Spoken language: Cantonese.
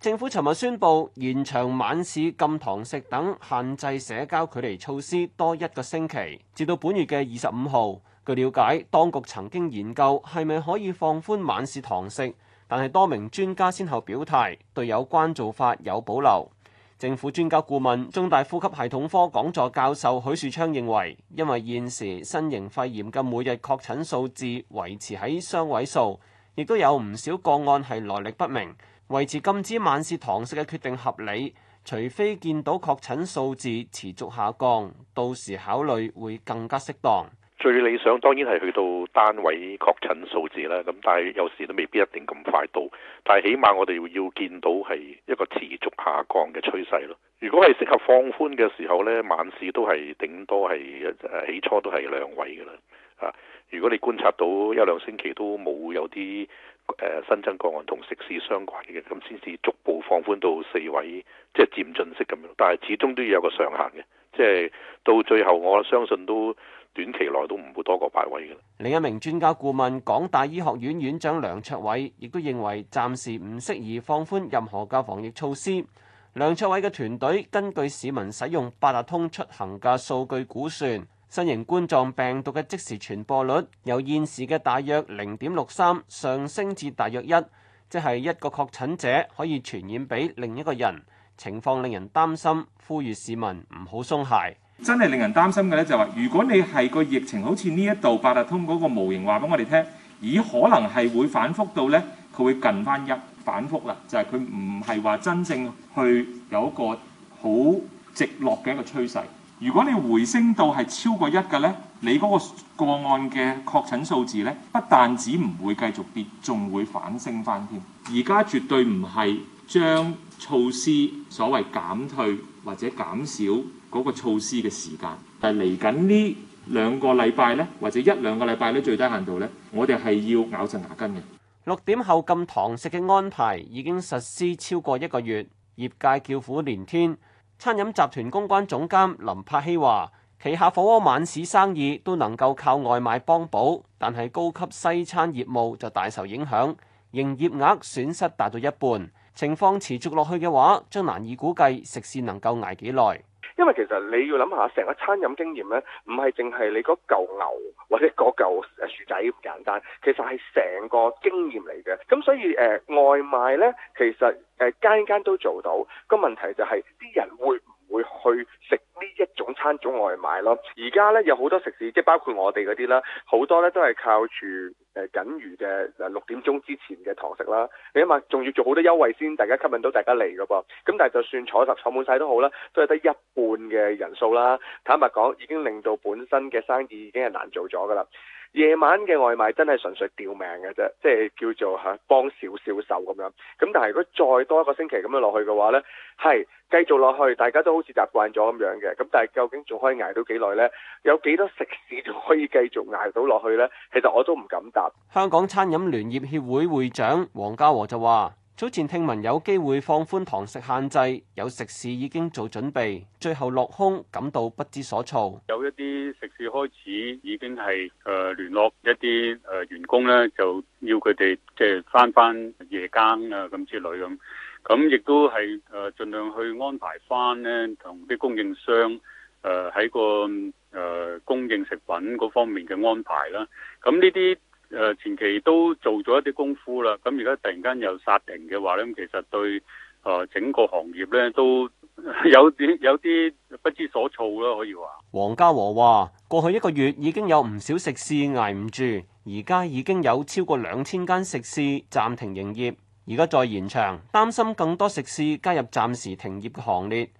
政府尋日宣布延長晚市禁堂食等限制社交距離措施多一個星期，至到本月嘅二十五號。據了解，當局曾經研究係咪可以放寬晚市堂食，但係多名專家先後表態對有關做法有保留。政府專家顧問、中大呼吸系統科講座教授許樹昌認為，因為現時新型肺炎嘅每日確診數字維持喺雙位數，亦都有唔少個案係來歷不明。維持禁止晚市堂食嘅決定合理，除非見到確診數字持續下降，到時考慮會更加適當。最理想當然係去到單位確診數字啦，咁但係有時都未必一定咁快到，但係起碼我哋要見到係一個持續下降嘅趨勢咯。如果係適合放寬嘅時候呢，晚市都係頂多係起初都係兩位㗎啦。如果你觀察到一兩星期都冇有啲。誒新增個案同食肆相關嘅，咁先至逐步放寬到四位，即係漸進式咁樣，但係始終都要有個上限嘅，即係到最後我相信都短期內都唔會多過八位嘅。另一名專家顧問港大醫學院院院長梁卓偉亦都認為暫時唔適宜放寬任何嘅防疫措施。梁卓偉嘅團隊根據市民使用八達通出行嘅數據估算。新型冠狀病毒嘅即時傳播率由現時嘅大約零點六三上升至大約一，即係一個確診者可以傳染俾另一個人，情況令人擔心，呼籲市民唔好鬆懈。真係令人擔心嘅咧、就是，就係話如果你係個疫情好似呢一度八達通嗰個模型話俾我哋聽，咦可能係會反覆到呢，佢會近翻一反覆啦，就係佢唔係話真正去有一個好直落嘅一個趨勢。如果你回升到係超過一嘅呢，你嗰個個案嘅確診數字呢，不但止唔會繼續跌，仲會反升翻添。而家絕對唔係將措施所謂減退或者減少嗰個措施嘅時間，但嚟緊呢兩個禮拜呢，或者一兩個禮拜呢，最低限度呢，我哋係要咬緊牙根嘅。六點後禁堂食嘅安排已經實施超過一個月，業界叫苦連天。餐飲集團公關總監林柏希話：旗下火鍋晚市生意都能夠靠外賣幫補，但係高級西餐業務就大受影響，營業額損失達到一半。情況持續落去嘅話，將難以估計食肆能夠捱幾耐。因為其實你要諗下，成個餐飲經驗咧，唔係淨係你嗰嚿牛或者嗰嚿薯仔咁簡單，其實係成個經驗嚟嘅。咁所以誒、呃、外賣咧，其實誒、呃、間間都做到。個問題就係、是、啲人會唔會去食呢一種餐種外賣咯？而家咧有好多食肆，即係包括我哋嗰啲啦，好多咧都係靠住。誒僅餘嘅誒六點鐘之前嘅堂食啦，你起碼仲要做好多優惠先，大家吸引到大家嚟㗎喎。咁但係就算坐十坐滿晒都好啦，都係得一半嘅人數啦。坦白講，已經令到本身嘅生意已經係難做咗㗎喇。夜晚嘅外賣真係純粹吊命嘅啫，即係叫做嚇、啊、幫少少手咁樣。咁但係如果再多一個星期咁樣落去嘅話呢，係繼續落去，大家都好似習慣咗咁樣嘅。咁但係究竟仲可以捱到幾耐呢？有幾多食肆仲可以繼續捱到落去呢？其實我都唔敢答。香港餐飲聯業協會會,會長黃家和就話。早前聽聞有機會放寬堂食限制，有食肆已經做準備，最後落空，感到不知所措。有一啲食肆開始已經係誒聯絡一啲誒員工咧，就要佢哋即係翻翻夜更啊咁之類咁。咁亦都係誒盡量去安排翻咧，同啲供應商誒喺個誒供應食品嗰方面嘅安排啦。咁呢啲誒前期都做咗一啲功夫啦，咁而家突然間又殺停嘅話咧，其實對誒整個行業咧都有啲有啲不知所措啦。可以話。黃家和話：過去一個月已經有唔少食肆捱唔住，而家已經有超過兩千間食肆暫停營業，而家再延長，擔心更多食肆加入暫時停業嘅行列。